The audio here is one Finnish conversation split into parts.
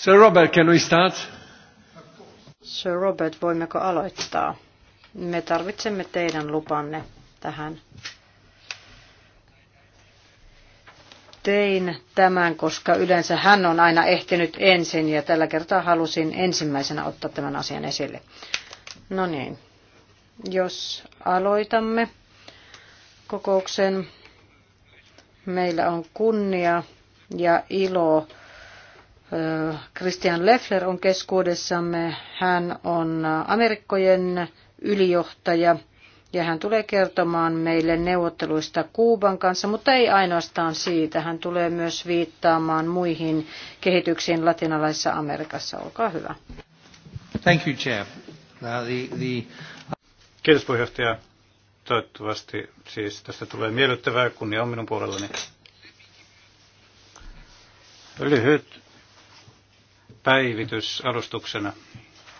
Sir Robert, can we start? Sir Robert, voimmeko aloittaa? Me tarvitsemme teidän lupanne tähän. Tein tämän, koska yleensä hän on aina ehtinyt ensin ja tällä kertaa halusin ensimmäisenä ottaa tämän asian esille. No niin, jos aloitamme kokouksen, meillä on kunnia ja ilo Christian Leffler on keskuudessamme. Hän on Amerikkojen ylijohtaja ja hän tulee kertomaan meille neuvotteluista Kuuban kanssa, mutta ei ainoastaan siitä. Hän tulee myös viittaamaan muihin kehityksiin latinalaisessa Amerikassa. Olkaa hyvä. Thank you, Chair. Now the, the... Kiitos puheenjohtaja. Toivottavasti siis tästä tulee miellyttävää kunnia on minun puolellani. Lyhyt päivitys alustuksena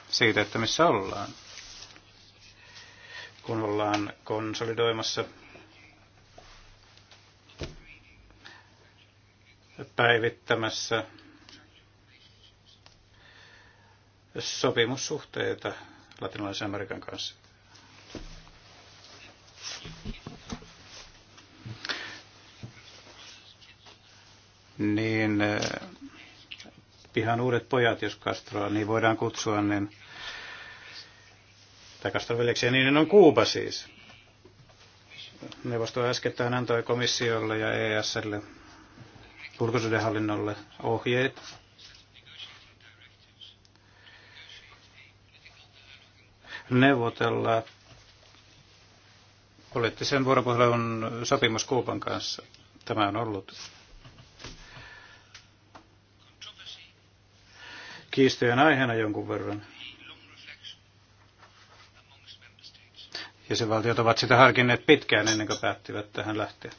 siitä, että missä ollaan, kun ollaan konsolidoimassa päivittämässä sopimussuhteita latinalaisen Amerikan kanssa. Niin pihan uudet pojat, jos Castroa niin voidaan kutsua, niin, tai Castro veljeksiä, niin on Kuuba siis. Neuvosto äskettäin antoi komissiolle ja ESlle, ulkosuudenhallinnolle ohjeet neuvotella poliittisen vuoropuhelun sopimus Kuuban kanssa. Tämä on ollut kiistojen aiheena jonkun verran. Jäsenvaltiot ovat sitä harkinneet pitkään ennen kuin päättivät tähän lähteä.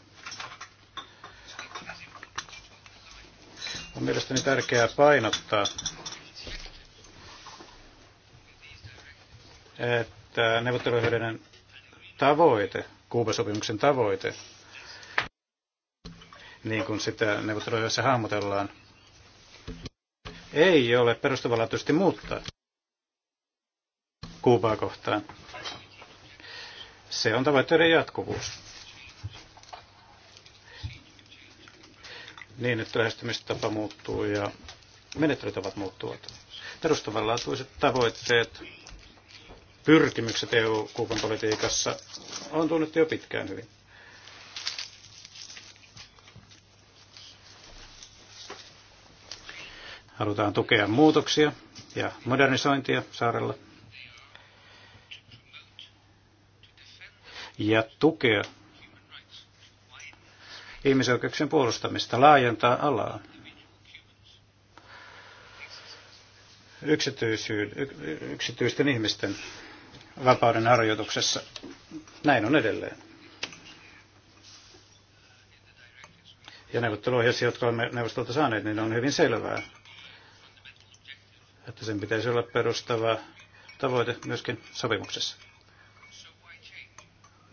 On mielestäni tärkeää painottaa, että neuvottelujohdeiden tavoite, Kuubasopimuksen tavoite, niin kuin sitä neuvottelujohdossa hahmotellaan, ei ole perustavanlaatuisesti muuttaa Kuubaa kohtaan. Se on tavoitteiden jatkuvuus. Niin, että lähestymistapa muuttuu ja menettelytavat muuttuvat. Perustavanlaatuiset tavoitteet, pyrkimykset eu kuupan politiikassa on tunnettu jo pitkään hyvin. Halutaan tukea muutoksia ja modernisointia saarella. Ja tukea ihmisoikeuksien puolustamista, laajentaa alaa. yksityisten ihmisten vapauden harjoituksessa. Näin on edelleen. Ja neuvotteluohjeissa, jotka olemme neuvostolta saaneet, niin on hyvin selvää, että sen pitäisi olla perustava tavoite myöskin sopimuksessa.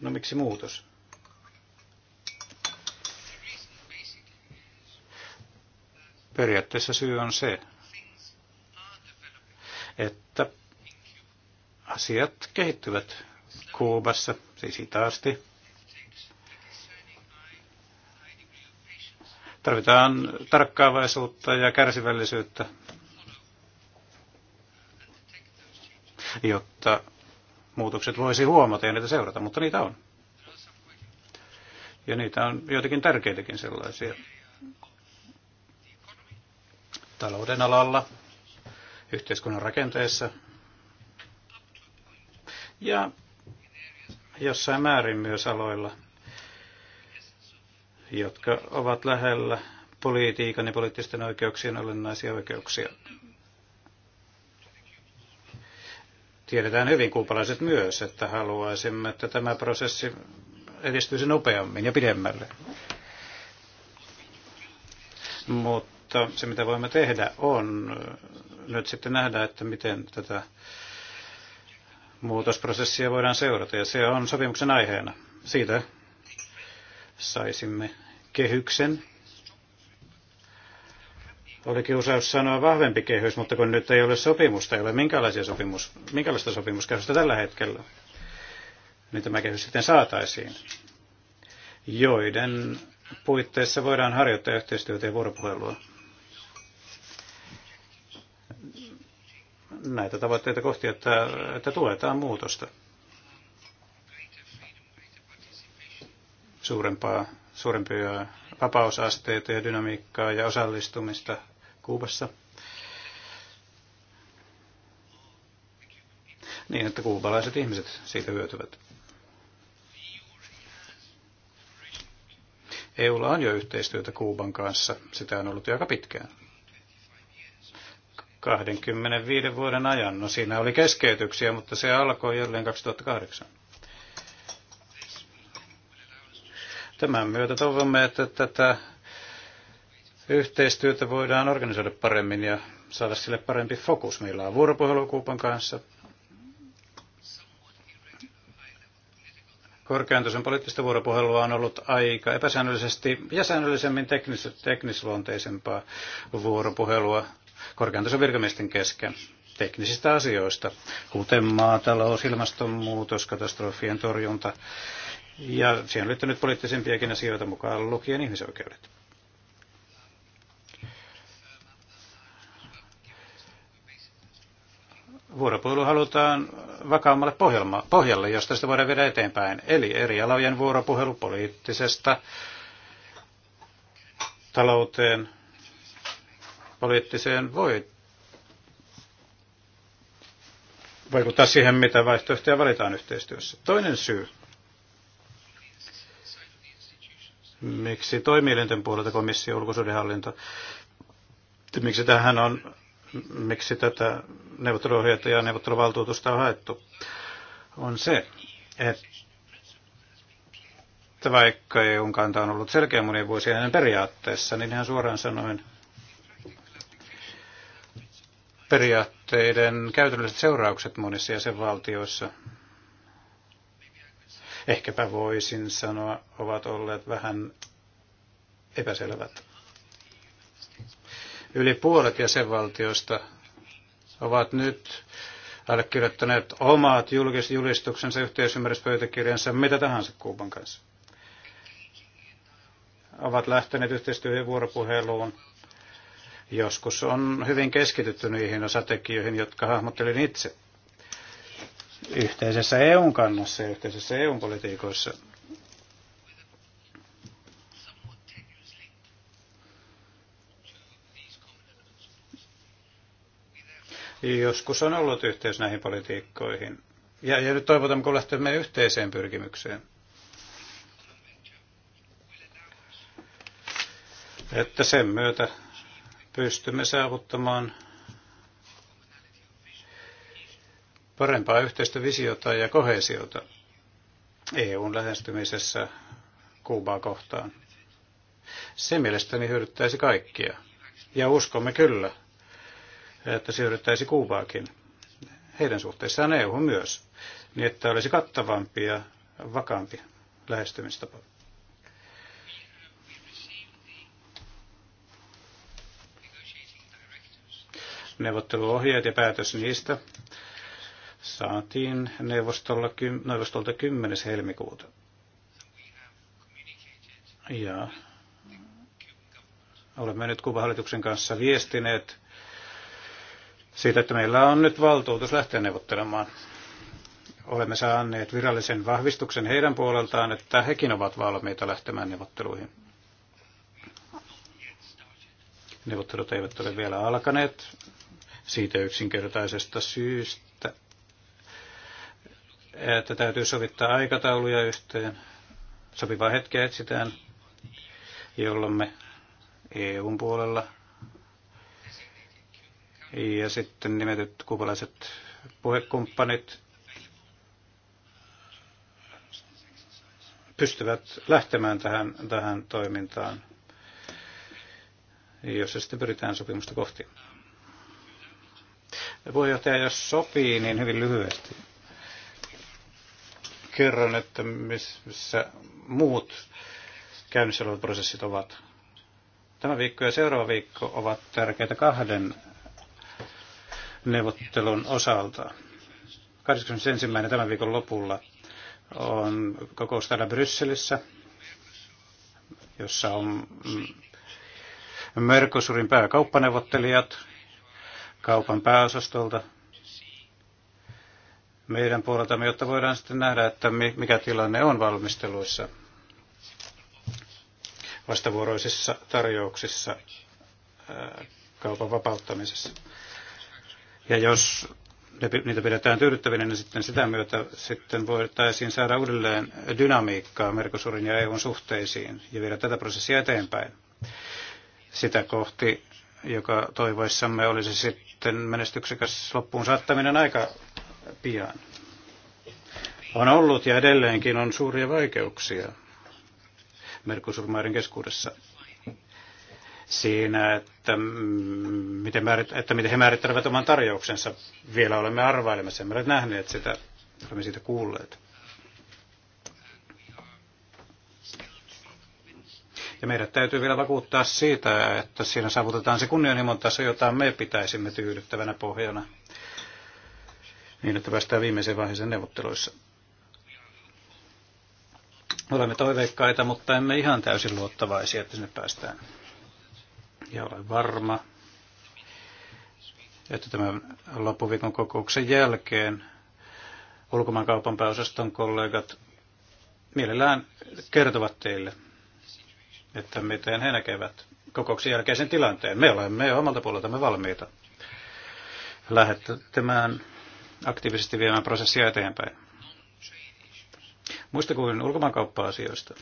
No miksi muutos? Periaatteessa syy on se, että asiat kehittyvät Kuubassa, siis hitaasti. Tarvitaan tarkkaavaisuutta ja kärsivällisyyttä jotta muutokset voisi huomata ja niitä seurata, mutta niitä on. Ja niitä on joitakin tärkeitäkin sellaisia. Talouden alalla, yhteiskunnan rakenteessa ja jossain määrin myös aloilla, jotka ovat lähellä politiikan ja poliittisten oikeuksien olennaisia oikeuksia. Tiedetään hyvin kuupalaiset myös, että haluaisimme, että tämä prosessi edistyisi nopeammin ja pidemmälle. Mutta se, mitä voimme tehdä, on nyt sitten nähdä, että miten tätä muutosprosessia voidaan seurata. Ja se on sopimuksen aiheena. Siitä saisimme kehyksen oli kiusaus sanoa vahvempi kehys, mutta kun nyt ei ole sopimusta, ei ole minkälaisia sopimus, minkälaista sopimuskehystä tällä hetkellä, niin tämä kehys sitten saataisiin, joiden puitteissa voidaan harjoittaa yhteistyötä ja vuoropuhelua. Näitä tavoitteita kohti, että, että tuetaan muutosta. Suurempaa suurempia vapausasteita ja dynamiikkaa ja osallistumista Kuubassa. Niin, että kuubalaiset ihmiset siitä hyötyvät. EUlla on jo yhteistyötä Kuuban kanssa. Sitä on ollut jo aika pitkään. 25 vuoden ajan. No siinä oli keskeytyksiä, mutta se alkoi jälleen 2008. Tämän myötä toivomme, että tätä yhteistyötä voidaan organisoida paremmin ja saada sille parempi fokus. Meillä on vuoropuhelu Kuupan kanssa. Korkeantoisen poliittista vuoropuhelua on ollut aika epäsäännöllisesti ja säännöllisemmin teknis- teknisluonteisempaa vuoropuhelua korkeantoisen virkamiesten kesken teknisistä asioista, kuten maatalous, ilmastonmuutos, katastrofien torjunta, ja siihen on liittynyt poliittisempiakin asioita mukaan lukien ihmisoikeudet. Vuoropuhelu halutaan vakaammalle pohjalle, josta sitä voidaan viedä eteenpäin. Eli eri alojen vuoropuhelu poliittisesta talouteen, poliittiseen voi vaikuttaa siihen, mitä vaihtoehtoja valitaan yhteistyössä. Toinen syy miksi toimielinten puolelta komissio ulkosuudenhallinto, miksi tähän on, miksi tätä neuvotteluohjetta ja neuvotteluvaltuutusta on haettu, on se, että vaikka EUn kanta on ollut selkeä monien vuosien periaatteessa, niin ihan suoraan sanoen periaatteiden käytännölliset seuraukset monissa jäsenvaltioissa ehkäpä voisin sanoa, ovat olleet vähän epäselvät. Yli puolet jäsenvaltioista ovat nyt allekirjoittaneet omat julkisjulistuksensa, yhteisymmärryspöytäkirjansa, mitä tahansa Kuuban kanssa. Ovat lähteneet yhteistyöhön vuoropuheluun. Joskus on hyvin keskitytty niihin osatekijöihin, jotka hahmottelin itse – yhteisessä EUn kannassa ja yhteisessä EUn politiikoissa. Joskus on ollut yhteys näihin politiikkoihin. Ja, ja nyt toivotamme, kun lähtemme yhteiseen pyrkimykseen. Että sen myötä pystymme saavuttamaan parempaa yhteistä visiota ja kohesiota EUn lähestymisessä Kuubaa kohtaan. Se mielestäni hyödyttäisi kaikkia. Ja uskomme kyllä, että se hyödyttäisi Kuubaakin. Heidän suhteessaan EU myös. Niin, että olisi kattavampi ja vakaampi lähestymistapa. neuvotteluohjeet ja päätös niistä saatiin neuvostolta 10. helmikuuta. Ja olemme nyt Kuuban hallituksen kanssa viestineet siitä, että meillä on nyt valtuutus lähteä neuvottelemaan. Olemme saaneet virallisen vahvistuksen heidän puoleltaan, että hekin ovat valmiita lähtemään neuvotteluihin. Neuvottelut eivät ole vielä alkaneet siitä yksinkertaisesta syystä että täytyy sovittaa aikatauluja yhteen. Sopivaa hetkeä etsitään, jolloin me EUn puolella ja sitten nimetyt kuvalaiset puhekumppanit pystyvät lähtemään tähän, tähän toimintaan, jossa sitten pyritään sopimusta kohti. Puheenjohtaja, jos sopii, niin hyvin lyhyesti kerron, että missä muut käynnissä olevat prosessit ovat. Tämä viikko ja seuraava viikko ovat tärkeitä kahden neuvottelun osalta. 21. tämän viikon lopulla on kokous täällä Brysselissä, jossa on Mercosurin pääkauppaneuvottelijat kaupan pääosastolta, meidän puoleltamme, jotta voidaan sitten nähdä, että mikä tilanne on valmisteluissa vastavuoroisissa tarjouksissa kaupan vapauttamisessa. Ja jos niitä pidetään tyydyttävinä, niin sitten sitä myötä sitten voitaisiin saada uudelleen dynamiikkaa Merkosurin ja EUn suhteisiin ja viedä tätä prosessia eteenpäin sitä kohti, joka toivoissamme olisi sitten menestyksekäs loppuun saattaminen aika pian. On ollut ja edelleenkin on suuria vaikeuksia merkusurmaiden keskuudessa siinä, että miten, määrit, että miten he määrittelevät oman tarjouksensa. Vielä olemme arvailemassa, emme ole nähneet sitä, olemme siitä kuulleet. Ja meidät täytyy vielä vakuuttaa siitä, että siinä saavutetaan se kunnianhimon taso, jota me pitäisimme tyydyttävänä pohjana – niin, että päästään viimeiseen vaiheeseen neuvotteluissa. Olemme toiveikkaita, mutta emme ihan täysin luottavaisia, että sinne päästään. Ja olen varma, että tämän loppuviikon kokouksen jälkeen ulkomaankaupan pääosaston kollegat mielellään kertovat teille, että miten he näkevät kokouksen jälkeisen tilanteen. Me olemme omalta puoleltamme valmiita lähettämään aktiivisesti viemään prosessia eteenpäin. Muista kuin ulkomaankauppa-asioista.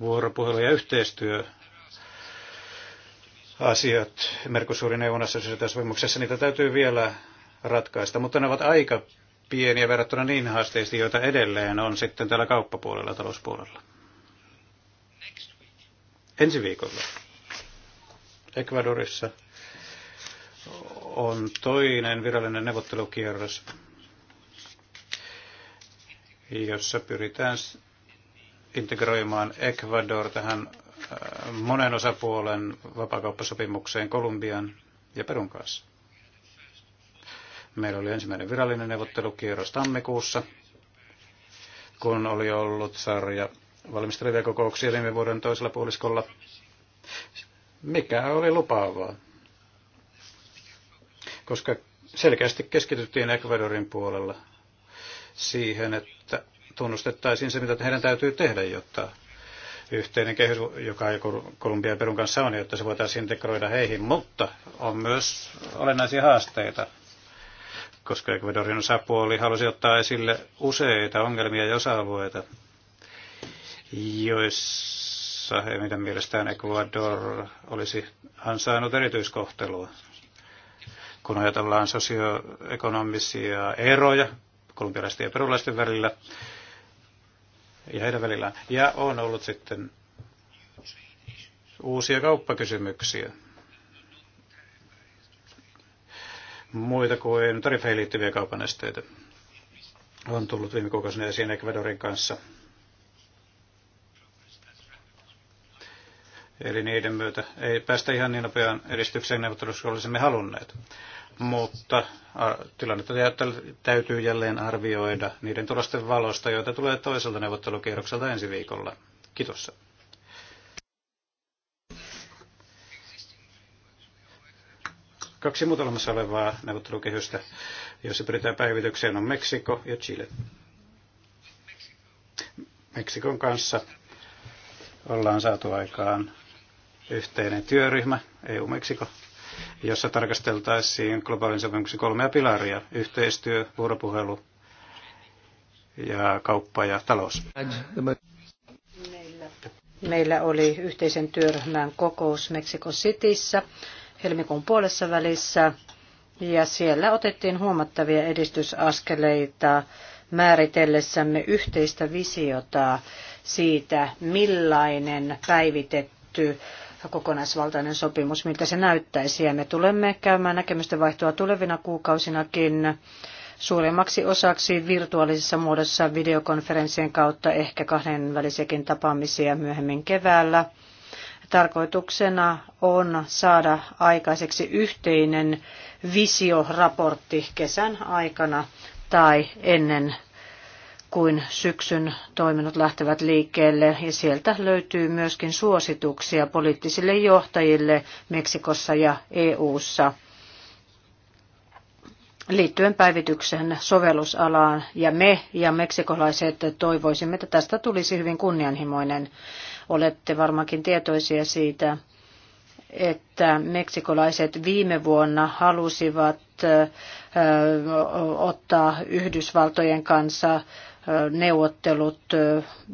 Vuoropuhelu ja yhteistyö asiat Merkosuurin neuvonnassa sopimuksessa, niitä täytyy vielä ratkaista, mutta ne ovat aika pieniä verrattuna niin haasteisiin, joita edelleen on sitten täällä kauppapuolella, talouspuolella. Ensi viikolla Ecuadorissa on toinen virallinen neuvottelukierros, jossa pyritään integroimaan Ecuador tähän äh, monen osapuolen vapakauppasopimukseen Kolumbian ja Perun kanssa. Meillä oli ensimmäinen virallinen neuvottelukierros tammikuussa, kun oli ollut sarja valmistelevia kokouksia viime vuoden toisella puoliskolla, mikä oli lupaavaa koska selkeästi keskityttiin Ecuadorin puolella siihen, että tunnustettaisiin se, mitä heidän täytyy tehdä, jotta yhteinen kehys, joka ja Perun kanssa on, jotta se voitaisiin integroida heihin, mutta on myös olennaisia haasteita, koska Ecuadorin osapuoli halusi ottaa esille useita ongelmia ja osa-alueita, joissa heidän mielestään Ecuador olisi ansainnut erityiskohtelua kun ajatellaan sosioekonomisia eroja kolumbialaisten ja perulaisten välillä ja heidän välillään. Ja on ollut sitten uusia kauppakysymyksiä. Muita kuin tarifeihin liittyviä kaupanesteitä on tullut viime kuukausina esiin Ecuadorin kanssa – Eli niiden myötä ei päästä ihan niin nopeaan edistykseen neuvottelussa kuin olisimme halunneet. Mutta tilannetta täytyy jälleen arvioida niiden tulosten valosta, joita tulee toiselta neuvottelukierrokselta ensi viikolla. Kiitos. Kaksi muuta olemassa olevaa neuvottelukehystä, joissa pyritään päivitykseen, on Meksiko ja Chile. Meksikon kanssa ollaan saatu aikaan yhteinen työryhmä EU-Meksiko, jossa tarkasteltaisiin globaalin sopimuksen kolmea pilaria, yhteistyö, vuoropuhelu ja kauppa ja talous. Meillä, oli yhteisen työryhmän kokous Meksiko Cityssä helmikuun puolessa välissä ja siellä otettiin huomattavia edistysaskeleita määritellessämme yhteistä visiota siitä, millainen päivitetty kokonaisvaltainen sopimus, miltä se näyttäisi. Ja me tulemme käymään näkemysten vaihtoa tulevina kuukausinakin suuremmaksi osaksi virtuaalisessa muodossa videokonferenssien kautta ehkä kahdenvälisiäkin tapaamisia myöhemmin keväällä. Tarkoituksena on saada aikaiseksi yhteinen visioraportti kesän aikana tai ennen kuin syksyn toiminnot lähtevät liikkeelle ja sieltä löytyy myöskin suosituksia poliittisille johtajille Meksikossa ja EU:ssa liittyen päivityksen sovellusalaan ja me ja meksikolaiset toivoisimme, että tästä tulisi hyvin kunnianhimoinen. Olette varmaankin tietoisia siitä, että meksikolaiset viime vuonna halusivat ottaa Yhdysvaltojen kanssa neuvottelut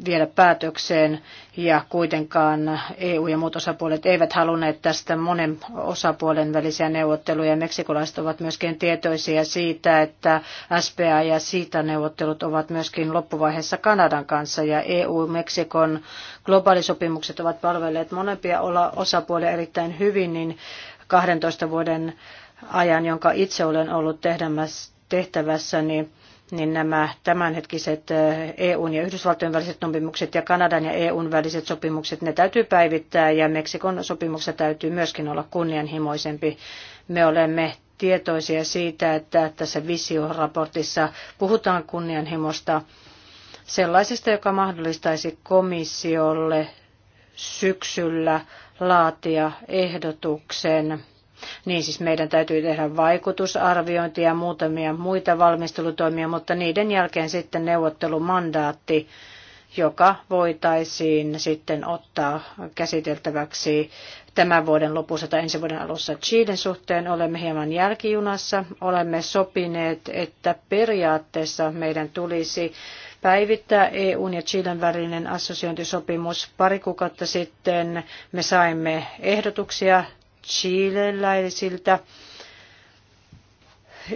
vielä päätökseen ja kuitenkaan EU ja muut osapuolet eivät halunneet tästä monen osapuolen välisiä neuvotteluja. Meksikolaiset ovat myöskin tietoisia siitä, että SPA ja siitä neuvottelut ovat myöskin loppuvaiheessa Kanadan kanssa ja EU-Meksikon globaalisopimukset ovat palvelleet molempia osapuolia erittäin hyvin, niin 12 vuoden ajan, jonka itse olen ollut tehtävässä, niin niin nämä tämänhetkiset EUn ja Yhdysvaltojen väliset sopimukset ja Kanadan ja EUn väliset sopimukset, ne täytyy päivittää ja Meksikon sopimuksessa täytyy myöskin olla kunnianhimoisempi. Me olemme tietoisia siitä, että tässä visioraportissa puhutaan kunnianhimosta sellaisesta, joka mahdollistaisi komissiolle syksyllä laatia ehdotuksen niin siis meidän täytyy tehdä vaikutusarviointia ja muutamia muita valmistelutoimia, mutta niiden jälkeen sitten neuvottelumandaatti, joka voitaisiin sitten ottaa käsiteltäväksi tämän vuoden lopussa tai ensi vuoden alussa Chilen suhteen olemme hieman jälkijunassa. Olemme sopineet, että periaatteessa meidän tulisi päivittää EUn ja Chilen välinen assosiointisopimus. Pari kuukautta sitten me saimme ehdotuksia chileläisiltä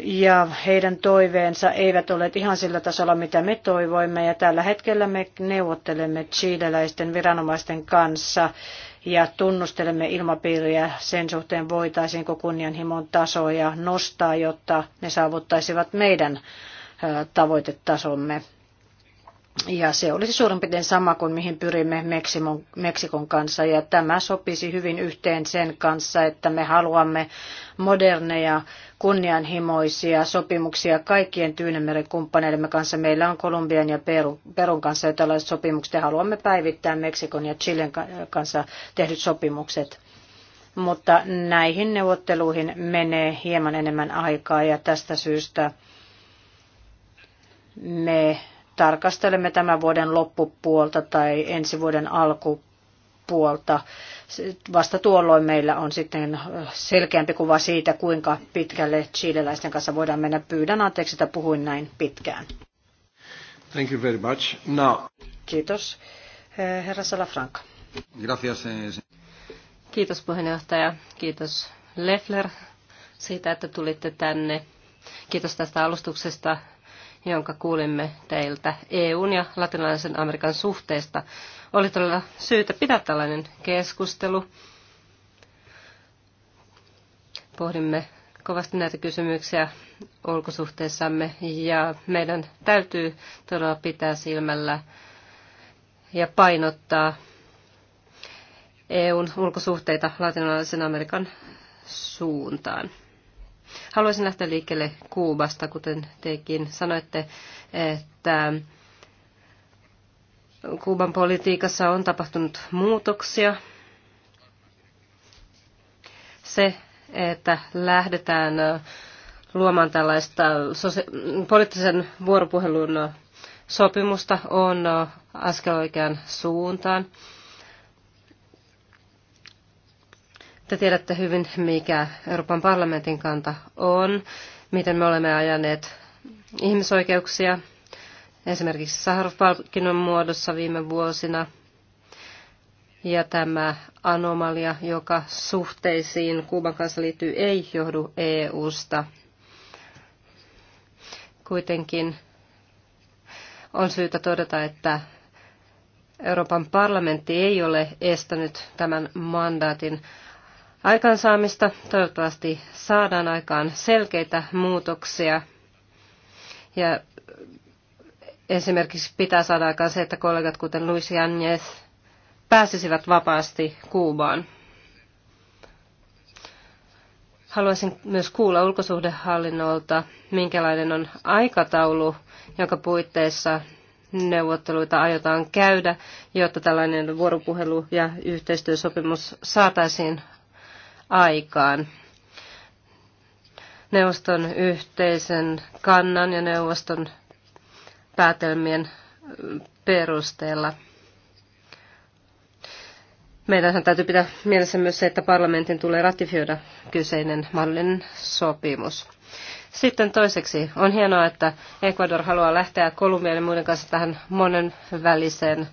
ja heidän toiveensa eivät ole ihan sillä tasolla, mitä me toivoimme. Ja tällä hetkellä me neuvottelemme chileläisten viranomaisten kanssa ja tunnustelemme ilmapiiriä sen suhteen, voitaisiinko kunnianhimon tasoja nostaa, jotta ne saavuttaisivat meidän tavoitetasomme. Ja se olisi suurin piirtein sama kuin mihin pyrimme Meksimon, Meksikon kanssa. Ja tämä sopisi hyvin yhteen sen kanssa, että me haluamme moderneja, kunnianhimoisia sopimuksia kaikkien Tyynemeren kumppaneidemme kanssa. Meillä on Kolumbian ja Perun, Perun kanssa jo tällaiset sopimukset ja haluamme päivittää Meksikon ja Chilen kanssa tehdyt sopimukset mutta näihin neuvotteluihin menee hieman enemmän aikaa ja tästä syystä me tarkastelemme tämän vuoden loppupuolta tai ensi vuoden alkupuolta. Vasta tuolloin meillä on sitten selkeämpi kuva siitä, kuinka pitkälle chileläisten kanssa voidaan mennä. Pyydän anteeksi, että puhuin näin pitkään. Thank you very much. Now. Kiitos. Eh, herra Salafranca. Gracias. Eh, Kiitos puheenjohtaja. Kiitos Leffler siitä, että tulitte tänne. Kiitos tästä alustuksesta jonka kuulimme teiltä EUn ja latinalaisen Amerikan suhteesta. Oli todella syytä pitää tällainen keskustelu. Pohdimme kovasti näitä kysymyksiä ulkosuhteessamme ja meidän täytyy todella pitää silmällä ja painottaa EUn ulkosuhteita latinalaisen Amerikan suuntaan. Haluaisin lähteä liikkeelle Kuubasta, kuten tekin sanoitte, että Kuuban politiikassa on tapahtunut muutoksia. Se, että lähdetään luomaan tällaista poliittisen vuoropuhelun sopimusta on askel oikeaan suuntaan. Te tiedätte hyvin, mikä Euroopan parlamentin kanta on, miten me olemme ajaneet ihmisoikeuksia, esimerkiksi Saharov-palkinnon muodossa viime vuosina. Ja tämä anomalia, joka suhteisiin Kuuban kanssa liittyy, ei johdu EU-sta. Kuitenkin on syytä todeta, että Euroopan parlamentti ei ole estänyt tämän mandaatin aikaansaamista. Toivottavasti saadaan aikaan selkeitä muutoksia. Ja esimerkiksi pitää saada aikaan se, että kollegat kuten Luis Janjes pääsisivät vapaasti Kuubaan. Haluaisin myös kuulla ulkosuhdehallinnolta, minkälainen on aikataulu, jonka puitteissa neuvotteluita aiotaan käydä, jotta tällainen vuoropuhelu ja yhteistyösopimus saataisiin aikaan. Neuvoston yhteisen kannan ja neuvoston päätelmien mm, perusteella. Meidän täytyy pitää mielessä myös se, että parlamentin tulee ratifioida kyseinen mallin sopimus. Sitten toiseksi on hienoa, että Ecuador haluaa lähteä Kolumbian ja muiden kanssa tähän monen väliseen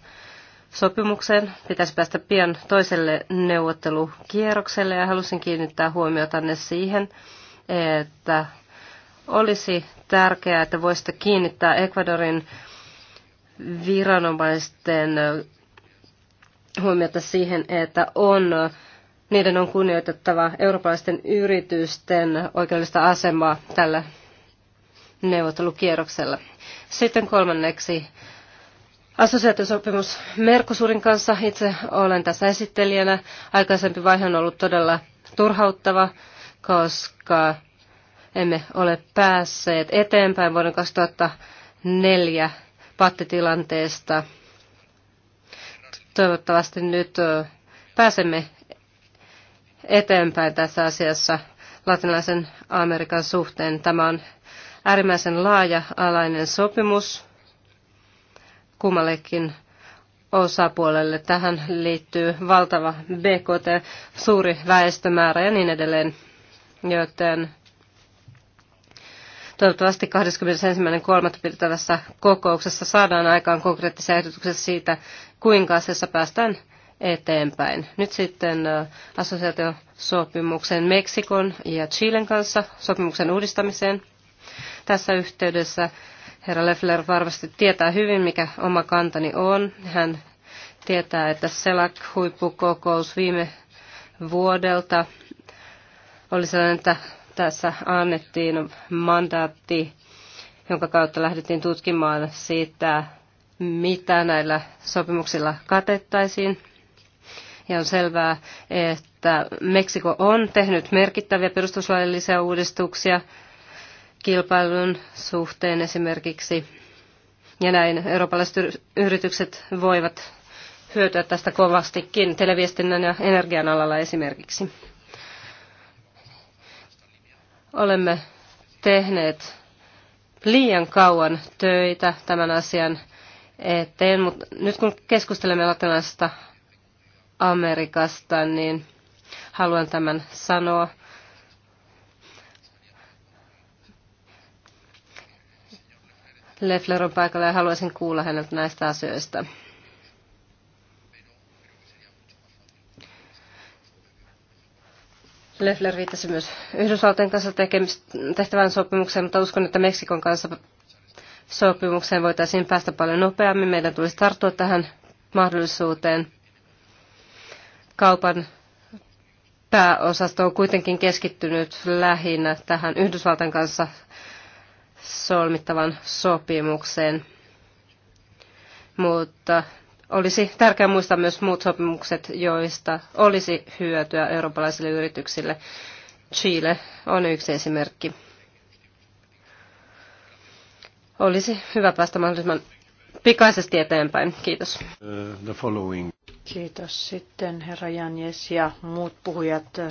sopimukseen. Pitäisi päästä pian toiselle neuvottelukierrokselle ja halusin kiinnittää huomiota ne siihen, että olisi tärkeää, että voisitte kiinnittää Ecuadorin viranomaisten huomiota siihen, että on, niiden on kunnioitettava eurooppalaisten yritysten oikeudellista asemaa tällä neuvottelukierroksella. Sitten kolmanneksi Assosiaatiosopimus Merkosurin kanssa itse olen tässä esittelijänä. Aikaisempi vaihe on ollut todella turhauttava, koska emme ole päässeet eteenpäin vuoden 2004 pattitilanteesta. Toivottavasti nyt pääsemme eteenpäin tässä asiassa latinalaisen Amerikan suhteen. Tämä on äärimmäisen laaja-alainen sopimus kummallekin osapuolelle. Tähän liittyy valtava BKT, suuri väestömäärä ja niin edelleen, joten toivottavasti 21.3. pidettävässä kokouksessa saadaan aikaan konkreettisia ehdotuksia siitä, kuinka asiassa päästään eteenpäin. Nyt sitten assosiaatiosopimuksen Meksikon ja Chilen kanssa sopimuksen uudistamiseen. Tässä yhteydessä Herra Leffler varmasti tietää hyvin, mikä oma kantani on. Hän tietää, että SELAC-huippukokous viime vuodelta oli sellainen, että tässä annettiin mandaatti, jonka kautta lähdettiin tutkimaan siitä, mitä näillä sopimuksilla katettaisiin. Ja on selvää, että Meksiko on tehnyt merkittäviä perustuslaillisia uudistuksia – kilpailun suhteen esimerkiksi. Ja näin eurooppalaiset yritykset voivat hyötyä tästä kovastikin televiestinnän ja energian alalla esimerkiksi. Olemme tehneet liian kauan töitä tämän asian eteen, mutta nyt kun keskustelemme latinalaisesta Amerikasta, niin haluan tämän sanoa. Leffler on paikalla ja haluaisin kuulla häneltä näistä asioista. Leffler viittasi myös Yhdysvaltojen kanssa tehtävään sopimukseen, mutta uskon, että Meksikon kanssa sopimukseen voitaisiin päästä paljon nopeammin. Meidän tulisi tarttua tähän mahdollisuuteen. Kaupan pääosasto on kuitenkin keskittynyt lähinnä tähän Yhdysvaltain kanssa solmittavan sopimukseen. Mutta olisi tärkeää muistaa myös muut sopimukset, joista olisi hyötyä eurooppalaisille yrityksille. Chile on yksi esimerkki. Olisi hyvä päästä mahdollisimman pikaisesti eteenpäin. Kiitos. Uh, the following. Kiitos sitten herra Janjes ja muut puhujat uh,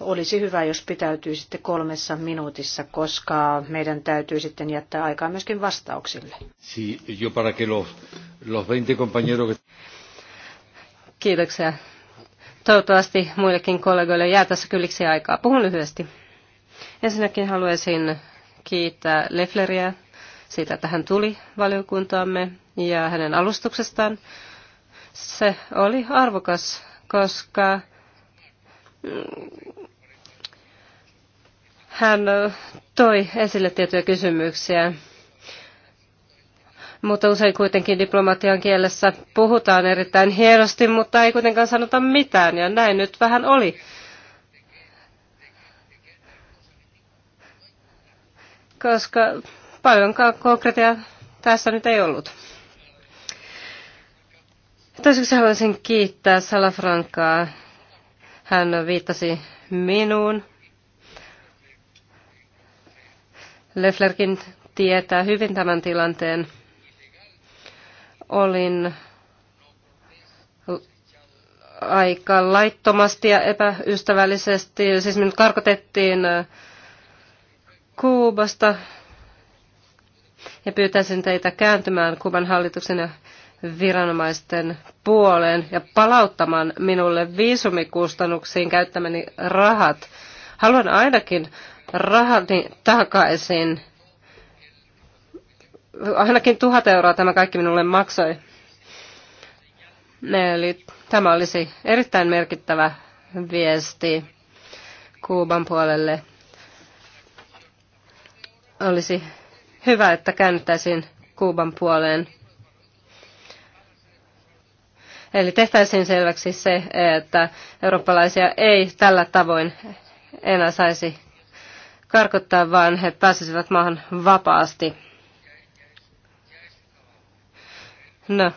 olisi hyvä, jos pitäytyisitte kolmessa minuutissa, koska meidän täytyy sitten jättää aikaa myöskin vastauksille. Sí, yo para que los, los 20 compañeros... Kiitoksia. Toivottavasti muillekin kollegoille jää tässä kylliksi aikaa. Puhun lyhyesti. Ensinnäkin haluaisin kiittää Lefleriä siitä, että hän tuli valiokuntaamme ja hänen alustuksestaan. Se oli arvokas, koska hän toi esille tiettyjä kysymyksiä. Mutta usein kuitenkin diplomatian kielessä puhutaan erittäin hienosti, mutta ei kuitenkaan sanota mitään. Ja näin nyt vähän oli. Koska paljonkaan konkreettia tässä nyt ei ollut. Toiseksi haluaisin kiittää Salafrankaa hän viittasi minuun. Lefflerkin tietää hyvin tämän tilanteen. Olin aika laittomasti ja epäystävällisesti, siis minut karkotettiin äh, Kuubasta ja pyytäisin teitä kääntymään Kuuban hallituksen ja viranomaisten puoleen ja palauttamaan minulle viisumikustannuksiin käyttämäni rahat. Haluan ainakin rahani takaisin. Ainakin tuhat euroa tämä kaikki minulle maksoi. Eli tämä olisi erittäin merkittävä viesti Kuuban puolelle. Olisi hyvä, että käännyttäisiin Kuuban puoleen Eli tehtäisiin selväksi se, että eurooppalaisia ei tällä tavoin enää saisi karkottaa, vaan he pääsisivät maahan vapaasti. No,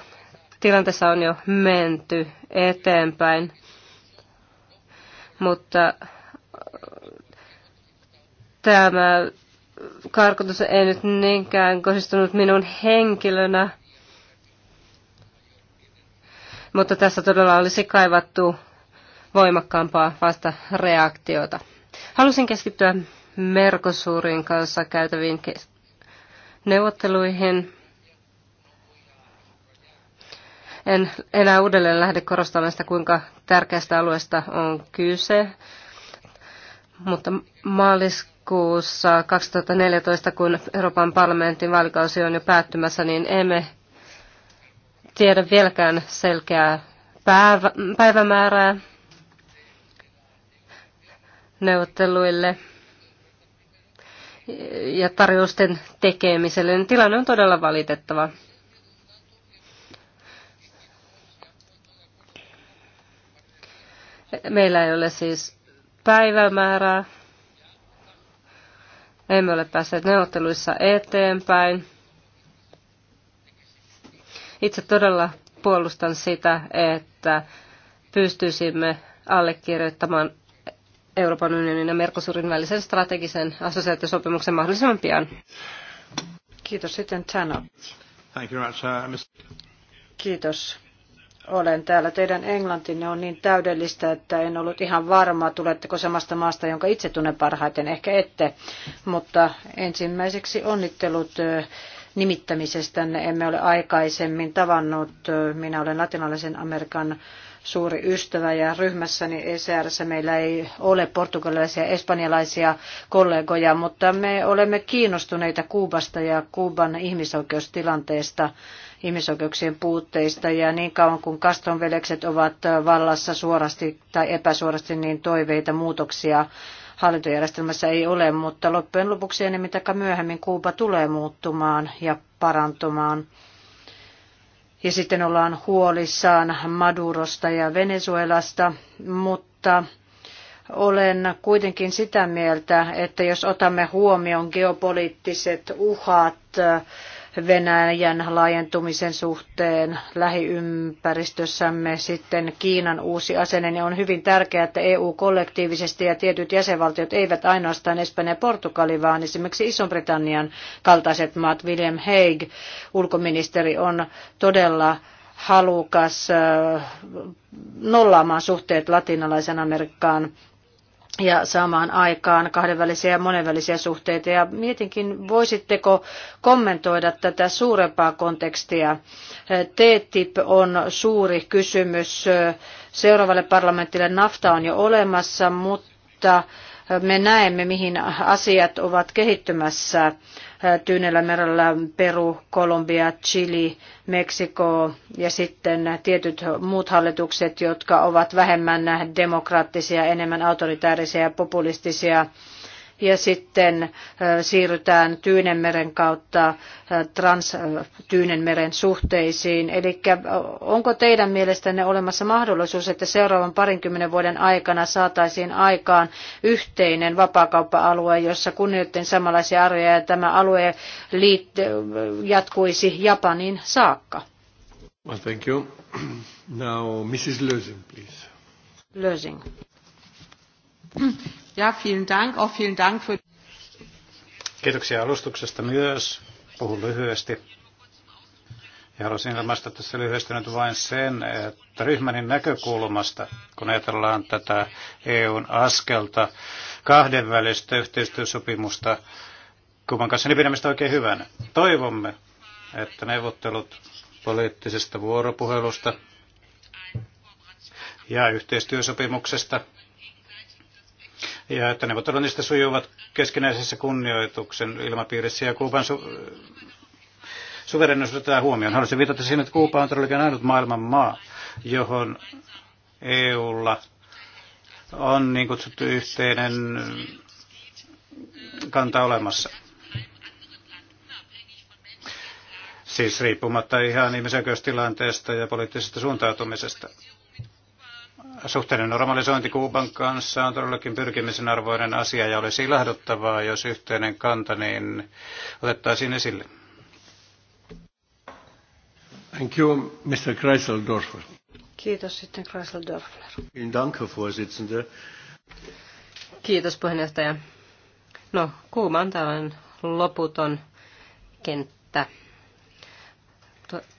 tilanteessa on jo menty eteenpäin, mutta tämä karkotus ei nyt niinkään kohdistunut minun henkilönä, mutta tässä todella olisi kaivattu voimakkaampaa vasta reaktiota. Halusin keskittyä Merkosuurin kanssa käytäviin neuvotteluihin. En enää uudelleen lähde korostamaan sitä, kuinka tärkeästä alueesta on kyse, mutta maaliskuussa 2014, kun Euroopan parlamentin vaalikausi on jo päättymässä, niin emme tiedä vieläkään selkeää päivämäärää neuvotteluille ja tarjousten tekemiselle, niin tilanne on todella valitettava. Meillä ei ole siis päivämäärää. Emme ole päässeet neuvotteluissa eteenpäin. Itse todella puolustan sitä, että pystyisimme allekirjoittamaan Euroopan unionin ja Mercosurin välisen strategisen assosiaatiosopimuksen mahdollisimman pian. Kiitos sitten Tano. Thank you much, uh, Kiitos. Olen täällä. Teidän englantinne on niin täydellistä, että en ollut ihan varma, tuletteko samasta maasta, jonka itse tunnen parhaiten. Ehkä ette. Mutta ensimmäiseksi onnittelut uh, nimittämisestänne. Emme ole aikaisemmin tavannut. Minä olen latinalaisen Amerikan suuri ystävä ja ryhmässäni ECRssä meillä ei ole portugalilaisia ja espanjalaisia kollegoja, mutta me olemme kiinnostuneita Kuubasta ja Kuuban ihmisoikeustilanteesta, ihmisoikeuksien puutteista ja niin kauan kuin kastonvelekset ovat vallassa suorasti tai epäsuorasti, niin toiveita muutoksia hallintojärjestelmässä ei ole, mutta loppujen lopuksi enemmän tai myöhemmin Kuuba tulee muuttumaan ja parantumaan. Ja sitten ollaan huolissaan Madurosta ja Venezuelasta, mutta olen kuitenkin sitä mieltä, että jos otamme huomioon geopoliittiset uhat, Venäjän laajentumisen suhteen lähiympäristössämme, sitten Kiinan uusi asenne, niin on hyvin tärkeää, että EU kollektiivisesti ja tietyt jäsenvaltiot eivät ainoastaan Espanja ja Portugali, vaan esimerkiksi Iso-Britannian kaltaiset maat, William Hague, ulkoministeri, on todella halukas nollaamaan suhteet latinalaisen Amerikkaan ja saamaan aikaan kahdenvälisiä ja monenvälisiä suhteita. Ja mietinkin, voisitteko kommentoida tätä suurempaa kontekstia. TTIP on suuri kysymys seuraavalle parlamentille. NAFTA on jo olemassa, mutta me näemme, mihin asiat ovat kehittymässä Tyynellämerellä, Peru, Kolumbia, Chili, Meksiko ja sitten tietyt muut hallitukset, jotka ovat vähemmän demokraattisia, enemmän autoritäärisiä ja populistisia ja sitten siirrytään Tyynenmeren kautta Trans-Tyynenmeren suhteisiin. Eli onko teidän mielestänne olemassa mahdollisuus, että seuraavan parinkymmenen vuoden aikana saataisiin aikaan yhteinen vapaakauppa-alue, jossa kunnioittain samanlaisia arvoja ja tämä alue jatkuisi Japanin saakka? Well, thank you. Now, Mrs. Lösing, please. Lösing. Ja, vielen Dank, auch vielen Dank für... Kiitoksia alustuksesta myös. Puhun lyhyesti. Ja haluaisin ilmaista tässä lyhyesti nyt vain sen, että ryhmänin näkökulmasta, kun ajatellaan tätä EUn askelta, kahdenvälistä yhteistyösopimusta, Kuuban kanssa, niin pidämme sitä oikein hyvänä. Toivomme, että neuvottelut poliittisesta vuoropuhelusta ja yhteistyösopimuksesta ja että neuvottelut sujuvat keskinäisessä kunnioituksen ilmapiirissä ja Kuuban su- suverenisuus otetaan huomioon. Haluaisin viitata siihen, että Kuuba on todellakin ainut maailman maa, johon EUlla on niin kutsuttu yhteinen kanta olemassa. Siis riippumatta ihan ihmisoikeustilanteesta ja poliittisesta suuntautumisesta. Suhteiden normalisointi Kuuban kanssa on todellakin pyrkimisen arvoinen asia ja olisi ilahduttavaa, jos yhteinen kanta niin otettaisiin esille. Thank you, Mr. Kreiseldorfer. Kiitos sitten Kreiseldorfer. Danke, Kiitos puheenjohtaja. No, Kuuma on tällainen loputon kenttä.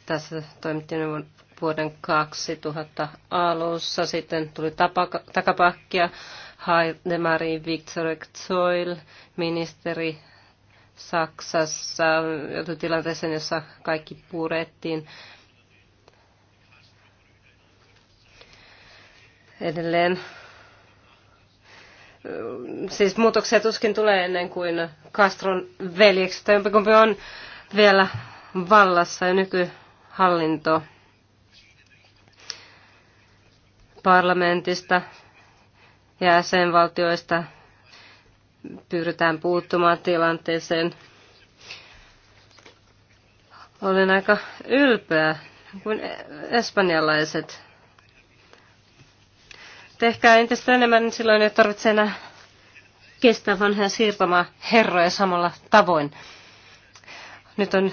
tässä toimittiin vuoden 2000 alussa. Sitten tuli tapaka, takapakkia Heidemarin Victor Zoil, ministeri Saksassa, joutui tilanteeseen, jossa kaikki purettiin. Edelleen siis muutoksia tuskin tulee ennen kuin Castron veljekset, jompikumpi on vielä vallassa ja nykyhallinto parlamentista ja jäsenvaltioista pyritään puuttumaan tilanteeseen. Olen aika ylpeä kuin espanjalaiset. Tehkää entistä enemmän, niin silloin ei tarvitse enää kestää vanhoja siirtomaa herroja samalla tavoin. Nyt on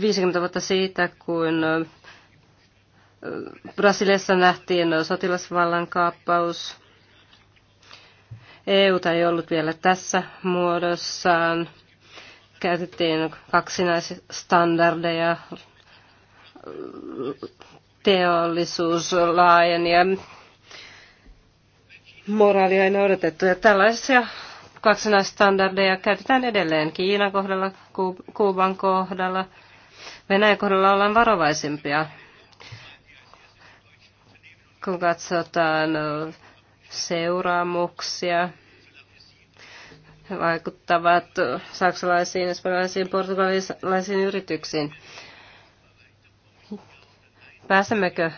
50 vuotta siitä, kun Brasiliassa nähtiin sotilasvallan kaappaus. eu ei ollut vielä tässä muodossaan. Käytettiin kaksinaisstandardeja, teollisuus laajeni ja moraalia ei noudatettu. Ja tällaisia kaksinaisstandardeja käytetään edelleen Kiinan kohdalla, Kuuban kohdalla. Venäjän kohdalla ollaan varovaisempia kun katsotaan seuraamuksia, vaikuttavat saksalaisiin, espanjalaisiin, portugalilaisiin yrityksiin. Pääsemmekö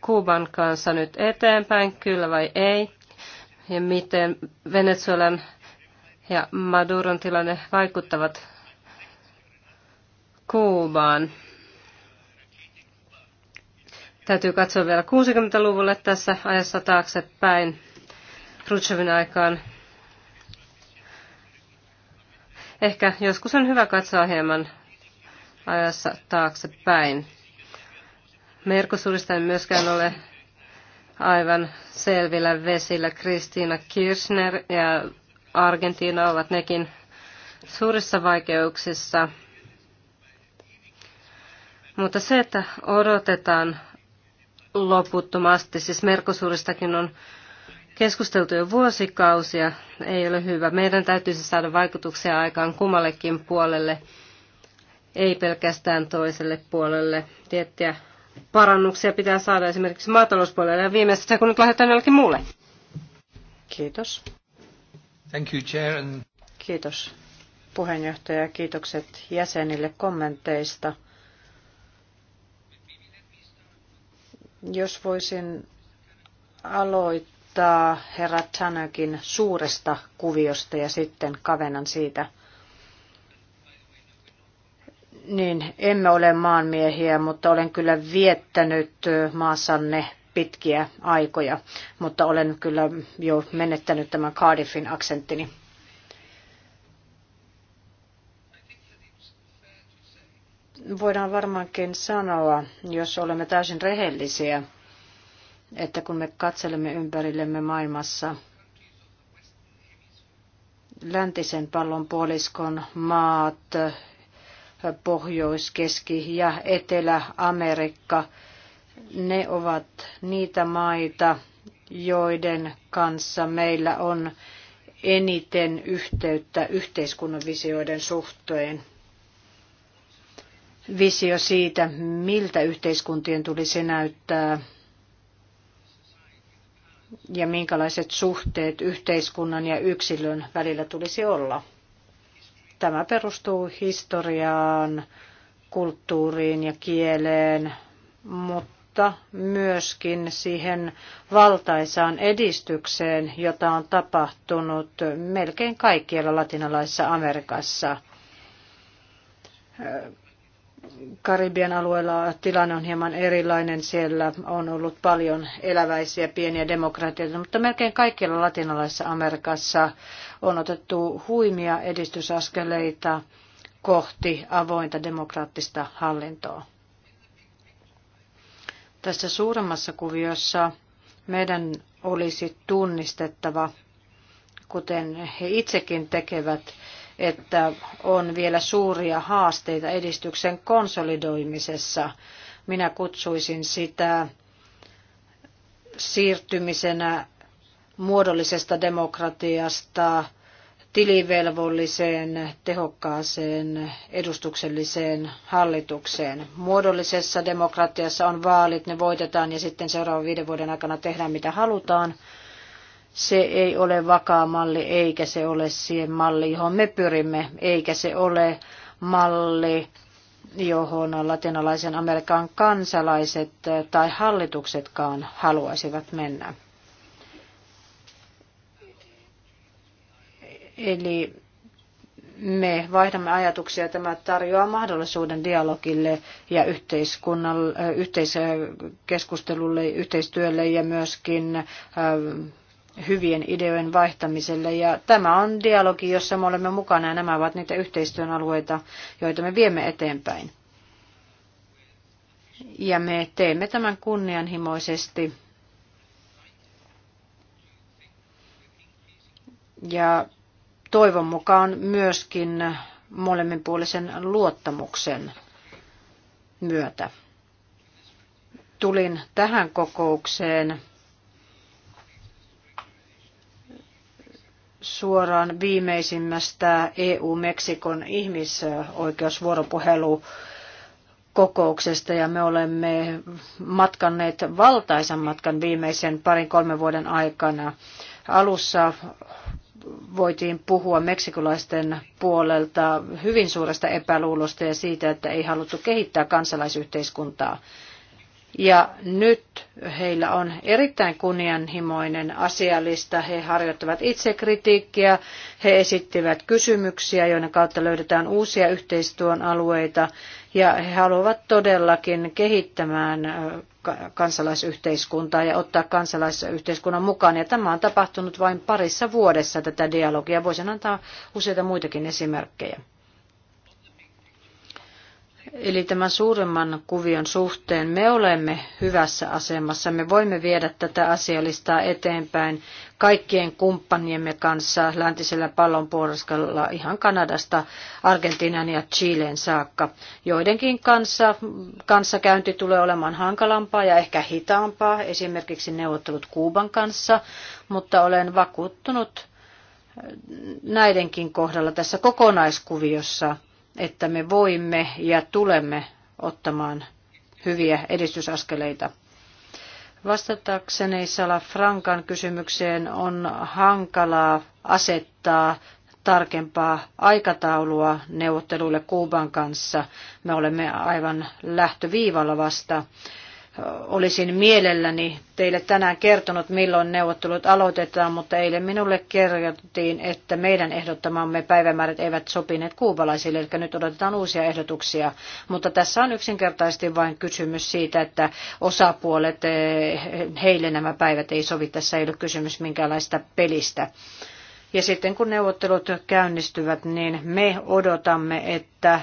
Kuuban kanssa nyt eteenpäin, kyllä vai ei? Ja miten Venezuelan ja Maduron tilanne vaikuttavat Kuubaan? Täytyy katsoa vielä 60-luvulle tässä ajassa taaksepäin Khrushchevin aikaan. Ehkä joskus on hyvä katsoa hieman ajassa taaksepäin. Merkosurista ei myöskään ole aivan selvillä vesillä. Kristiina Kirchner ja Argentiina ovat nekin suurissa vaikeuksissa. Mutta se, että odotetaan loputtomasti. Siis Merkosuuristakin on keskusteltu jo vuosikausia, ei ole hyvä. Meidän täytyisi saada vaikutuksia aikaan kummallekin puolelle, ei pelkästään toiselle puolelle. Tiettyjä parannuksia pitää saada esimerkiksi maatalouspuolelle ja kun nyt lähdetään jollekin muulle. Kiitos. Thank you, Chair. And... Kiitos puheenjohtaja ja kiitokset jäsenille kommenteista. Jos voisin aloittaa herra Tanakin suuresta kuviosta ja sitten kavenan siitä. Niin, emme ole maanmiehiä, mutta olen kyllä viettänyt maassanne pitkiä aikoja, mutta olen kyllä jo menettänyt tämän Cardiffin aksenttini. voidaan varmaankin sanoa, jos olemme täysin rehellisiä, että kun me katselemme ympärillemme maailmassa läntisen pallonpuoliskon maat, Pohjois-, Keski- ja Etelä-Amerikka, ne ovat niitä maita, joiden kanssa meillä on eniten yhteyttä yhteiskunnan visioiden suhteen visio siitä, miltä yhteiskuntien tulisi näyttää ja minkälaiset suhteet yhteiskunnan ja yksilön välillä tulisi olla. Tämä perustuu historiaan, kulttuuriin ja kieleen, mutta myöskin siihen valtaisaan edistykseen, jota on tapahtunut melkein kaikkialla latinalaisessa Amerikassa Karibian alueella tilanne on hieman erilainen. Siellä on ollut paljon eläväisiä pieniä demokratioita, mutta melkein kaikkialla latinalaisessa Amerikassa on otettu huimia edistysaskeleita kohti avointa demokraattista hallintoa. Tässä suuremmassa kuviossa meidän olisi tunnistettava, kuten he itsekin tekevät, että on vielä suuria haasteita edistyksen konsolidoimisessa. Minä kutsuisin sitä siirtymisenä muodollisesta demokratiasta tilivelvolliseen, tehokkaaseen, edustukselliseen hallitukseen. Muodollisessa demokratiassa on vaalit, ne voitetaan ja sitten seuraavan viiden vuoden aikana tehdään mitä halutaan se ei ole vakaa malli, eikä se ole siihen malli, johon me pyrimme, eikä se ole malli, johon latinalaisen Amerikan kansalaiset tai hallituksetkaan haluaisivat mennä. Eli me vaihdamme ajatuksia. Tämä tarjoaa mahdollisuuden dialogille ja yhteiskunnalle, yhteiskeskustelulle, yhteistyölle ja myöskin ähm, hyvien ideojen vaihtamiselle. Ja tämä on dialogi, jossa me olemme mukana ja nämä ovat niitä yhteistyön alueita, joita me viemme eteenpäin. Ja me teemme tämän kunnianhimoisesti. Ja toivon mukaan myöskin molemminpuolisen luottamuksen myötä. Tulin tähän kokoukseen suoraan viimeisimmästä EU-Meksikon ihmisoikeusvuoropuhelu kokouksesta ja me olemme matkanneet valtaisan matkan viimeisen parin kolmen vuoden aikana. Alussa voitiin puhua meksikolaisten puolelta hyvin suuresta epäluulosta ja siitä, että ei haluttu kehittää kansalaisyhteiskuntaa ja nyt heillä on erittäin kunnianhimoinen asialista. He harjoittavat itsekritiikkiä, he esittivät kysymyksiä, joiden kautta löydetään uusia yhteistyön alueita ja he haluavat todellakin kehittämään kansalaisyhteiskuntaa ja ottaa kansalaisyhteiskunnan mukaan. Ja tämä on tapahtunut vain parissa vuodessa tätä dialogia. Voisin antaa useita muitakin esimerkkejä. Eli tämän suuremman kuvion suhteen me olemme hyvässä asemassa. Me voimme viedä tätä asialistaa eteenpäin kaikkien kumppaniemme kanssa läntisellä pallonpuoliskolla ihan Kanadasta, Argentiinan ja Chileen saakka. Joidenkin kanssa kanssakäynti tulee olemaan hankalampaa ja ehkä hitaampaa, esimerkiksi neuvottelut Kuuban kanssa, mutta olen vakuuttunut näidenkin kohdalla tässä kokonaiskuviossa – että me voimme ja tulemme ottamaan hyviä edistysaskeleita. Vastatakseni Sala Frankan kysymykseen on hankalaa asettaa tarkempaa aikataulua neuvotteluille Kuuban kanssa. Me olemme aivan lähtöviivalla vasta olisin mielelläni teille tänään kertonut, milloin neuvottelut aloitetaan, mutta eilen minulle kerrottiin, että meidän ehdottamamme päivämäärät eivät sopineet kuubalaisille, eli nyt odotetaan uusia ehdotuksia. Mutta tässä on yksinkertaisesti vain kysymys siitä, että osapuolet, eh, heille nämä päivät ei sovi. Tässä ei ole kysymys minkäänlaista pelistä. Ja sitten kun neuvottelut käynnistyvät, niin me odotamme, että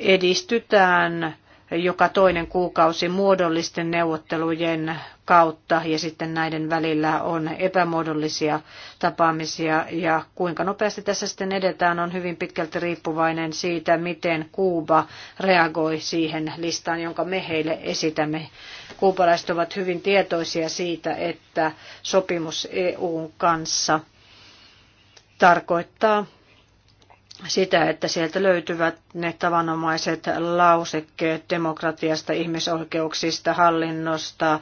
edistytään joka toinen kuukausi muodollisten neuvottelujen kautta ja sitten näiden välillä on epämuodollisia tapaamisia ja kuinka nopeasti tässä sitten edetään on hyvin pitkälti riippuvainen siitä, miten Kuuba reagoi siihen listaan, jonka me heille esitämme. Kuubalaiset ovat hyvin tietoisia siitä, että sopimus EUn kanssa tarkoittaa sitä, että sieltä löytyvät ne tavanomaiset lausekkeet demokratiasta, ihmisoikeuksista, hallinnosta,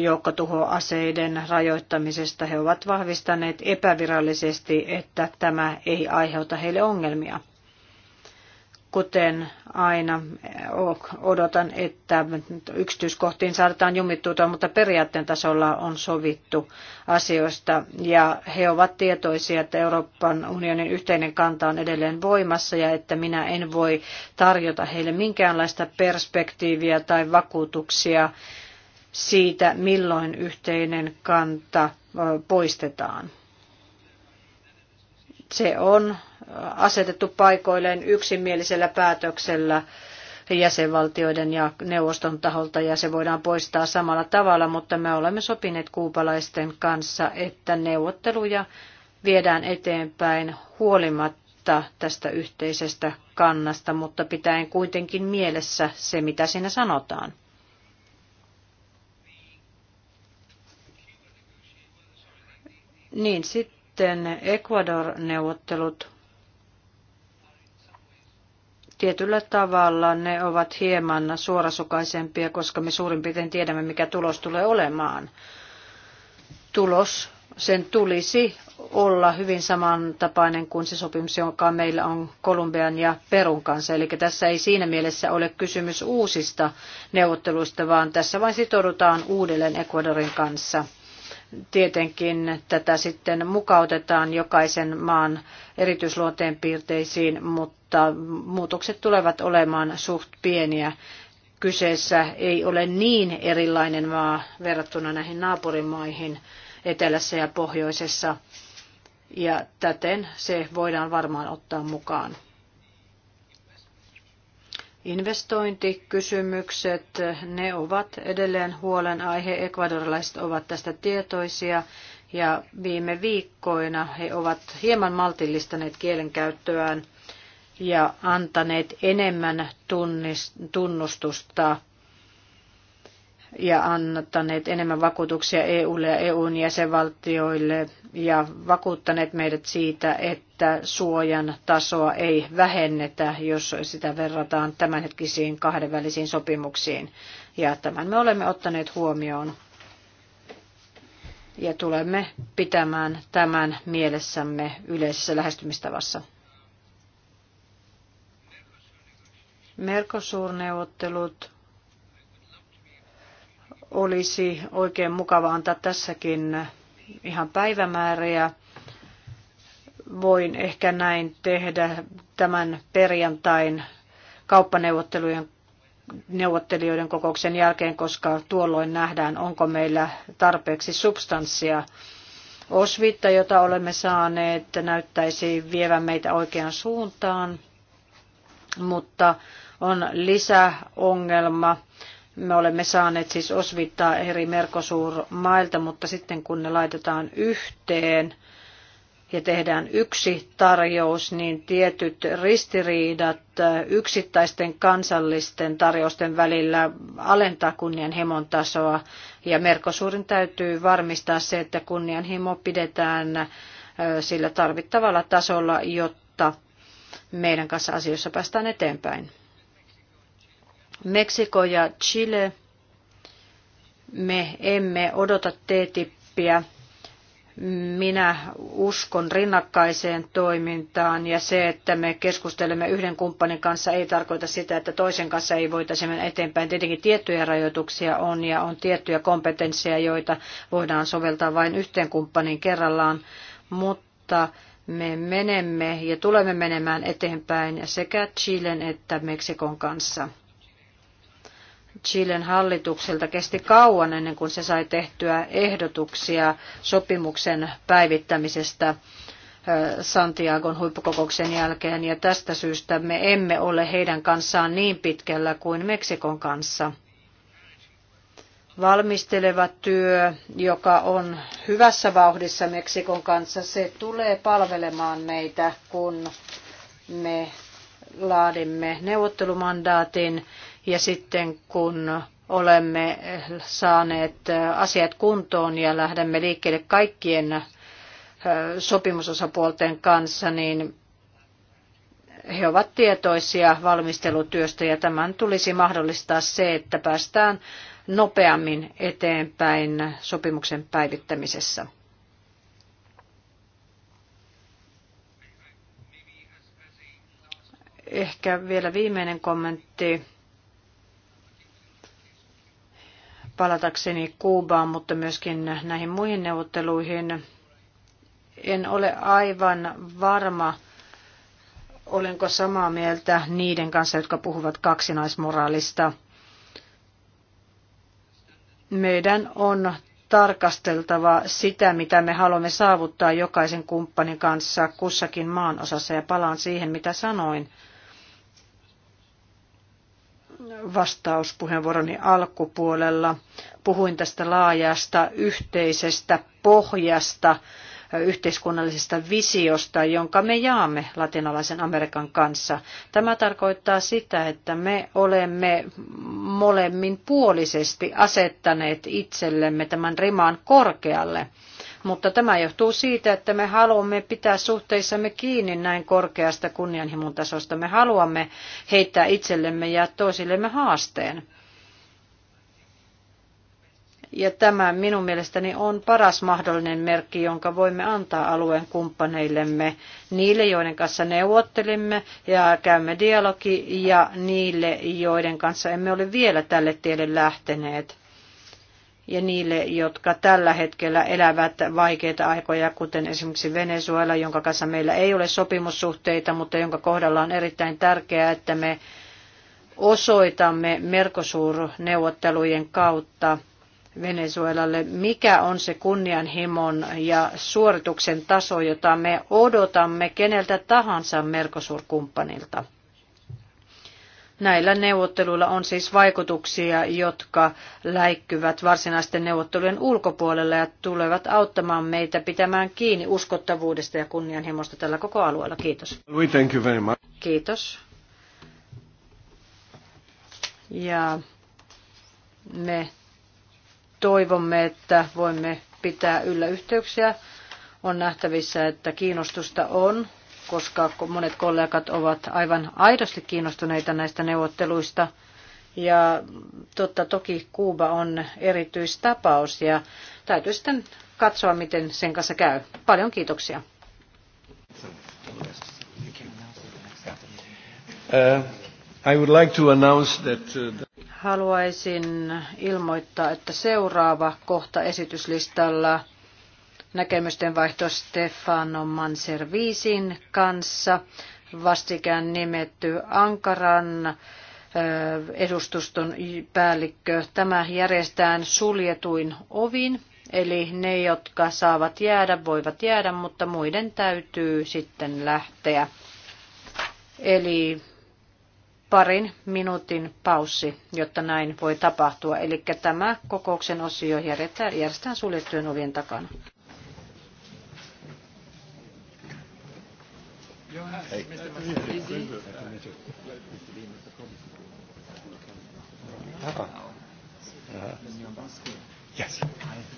joukkotuhoaseiden rajoittamisesta. He ovat vahvistaneet epävirallisesti, että tämä ei aiheuta heille ongelmia kuten aina odotan, että yksityiskohtiin saadaan jumittua, mutta periaatteen tasolla on sovittu asioista. Ja he ovat tietoisia, että Euroopan unionin yhteinen kanta on edelleen voimassa ja että minä en voi tarjota heille minkäänlaista perspektiiviä tai vakuutuksia siitä, milloin yhteinen kanta poistetaan. Se on asetettu paikoilleen yksimielisellä päätöksellä jäsenvaltioiden ja neuvoston taholta ja se voidaan poistaa samalla tavalla, mutta me olemme sopineet kuupalaisten kanssa, että neuvotteluja viedään eteenpäin huolimatta tästä yhteisestä kannasta, mutta pitäen kuitenkin mielessä se, mitä siinä sanotaan. Niin sitten Ecuador-neuvottelut tietyllä tavalla ne ovat hieman suorasukaisempia, koska me suurin piirtein tiedämme, mikä tulos tulee olemaan. Tulos, sen tulisi olla hyvin samantapainen kuin se sopimus, joka meillä on Kolumbian ja Perun kanssa. Eli tässä ei siinä mielessä ole kysymys uusista neuvotteluista, vaan tässä vain sitoudutaan uudelleen Ecuadorin kanssa. Tietenkin tätä sitten mukautetaan jokaisen maan erityisluonteen piirteisiin, mutta muutokset tulevat olemaan suht pieniä. Kyseessä ei ole niin erilainen maa verrattuna näihin naapurimaihin etelässä ja pohjoisessa, ja täten se voidaan varmaan ottaa mukaan. Investointikysymykset, ne ovat edelleen huolenaihe. Ekvadorilaiset ovat tästä tietoisia ja viime viikkoina he ovat hieman maltillistaneet kielenkäyttöään ja antaneet enemmän tunnustusta ja antaneet enemmän vakuutuksia EUlle ja EUn jäsenvaltioille ja vakuuttaneet meidät siitä, että suojan tasoa ei vähennetä, jos sitä verrataan tämänhetkisiin kahdenvälisiin sopimuksiin. Ja tämän me olemme ottaneet huomioon ja tulemme pitämään tämän mielessämme yleisessä lähestymistavassa. Merkosuurneuvottelut olisi oikein mukava antaa tässäkin ihan päivämääriä. Voin ehkä näin tehdä tämän perjantain kauppaneuvottelujen neuvottelijoiden kokouksen jälkeen, koska tuolloin nähdään, onko meillä tarpeeksi substanssia. Osviitta, jota olemme saaneet, näyttäisi vievän meitä oikeaan suuntaan, mutta on lisäongelma me olemme saaneet siis osvittaa eri Mercosur-mailta, mutta sitten kun ne laitetaan yhteen ja tehdään yksi tarjous, niin tietyt ristiriidat yksittäisten kansallisten tarjousten välillä alentaa kunnianhimon tasoa. Ja Mercosurin täytyy varmistaa se, että kunnianhimo pidetään sillä tarvittavalla tasolla, jotta meidän kanssa asioissa päästään eteenpäin. Meksiko ja Chile, me emme odota TTIPiä. Minä uskon rinnakkaiseen toimintaan ja se, että me keskustelemme yhden kumppanin kanssa ei tarkoita sitä, että toisen kanssa ei voitaisi mennä eteenpäin. Tietenkin tiettyjä rajoituksia on ja on tiettyjä kompetensseja, joita voidaan soveltaa vain yhteen kumppanin kerrallaan, mutta me menemme ja tulemme menemään eteenpäin sekä Chilen että Meksikon kanssa. Chilen hallitukselta kesti kauan ennen kuin se sai tehtyä ehdotuksia sopimuksen päivittämisestä Santiagon huippukokouksen jälkeen, ja tästä syystä me emme ole heidän kanssaan niin pitkällä kuin Meksikon kanssa. Valmisteleva työ, joka on hyvässä vauhdissa Meksikon kanssa, se tulee palvelemaan meitä, kun me laadimme neuvottelumandaatin ja sitten kun olemme saaneet asiat kuntoon ja lähdemme liikkeelle kaikkien sopimusosapuolten kanssa, niin he ovat tietoisia valmistelutyöstä ja tämän tulisi mahdollistaa se, että päästään nopeammin eteenpäin sopimuksen päivittämisessä. Ehkä vielä viimeinen kommentti palatakseni Kuubaan, mutta myöskin näihin muihin neuvotteluihin. En ole aivan varma, olenko samaa mieltä niiden kanssa, jotka puhuvat kaksinaismoraalista. Meidän on tarkasteltava sitä, mitä me haluamme saavuttaa jokaisen kumppanin kanssa kussakin maan osassa ja palaan siihen, mitä sanoin vastauspuheenvuoroni alkupuolella puhuin tästä laajasta yhteisestä pohjasta, yhteiskunnallisesta visiosta, jonka me jaamme latinalaisen Amerikan kanssa. Tämä tarkoittaa sitä, että me olemme molemmin puolisesti asettaneet itsellemme tämän riman korkealle – mutta tämä johtuu siitä, että me haluamme pitää suhteissamme kiinni näin korkeasta kunnianhimon tasosta. Me haluamme heittää itsellemme ja toisillemme haasteen. Ja tämä minun mielestäni on paras mahdollinen merkki, jonka voimme antaa alueen kumppaneillemme, niille, joiden kanssa neuvottelimme ja käymme dialogi, ja niille, joiden kanssa emme ole vielä tälle tielle lähteneet ja niille, jotka tällä hetkellä elävät vaikeita aikoja, kuten esimerkiksi Venezuela, jonka kanssa meillä ei ole sopimussuhteita, mutta jonka kohdalla on erittäin tärkeää, että me osoitamme Mercosur-neuvottelujen kautta Venezuelalle, mikä on se kunnianhimon ja suorituksen taso, jota me odotamme keneltä tahansa Mercosur-kumppanilta. Näillä neuvotteluilla on siis vaikutuksia, jotka läikkyvät varsinaisten neuvottelujen ulkopuolelle ja tulevat auttamaan meitä pitämään kiinni uskottavuudesta ja kunnianhimosta tällä koko alueella. Kiitos. Kiitos. Ja me toivomme, että voimme pitää yllä yhteyksiä. On nähtävissä, että kiinnostusta on koska monet kollegat ovat aivan aidosti kiinnostuneita näistä neuvotteluista. Ja totta toki Kuuba on erityistapaus ja täytyy sitten katsoa, miten sen kanssa käy. Paljon kiitoksia. Uh, I would like to announce that, uh, Haluaisin ilmoittaa, että seuraava kohta esityslistalla näkemysten vaihto Stefano Manserviisin kanssa, vastikään nimetty Ankaran edustuston päällikkö. Tämä järjestään suljetuin ovin, eli ne, jotka saavat jäädä, voivat jäädä, mutta muiden täytyy sitten lähteä. Eli parin minuutin paussi, jotta näin voi tapahtua. Eli tämä kokouksen osio järjestetään suljettujen ovien takana. Hey. Ah. Uh, yes.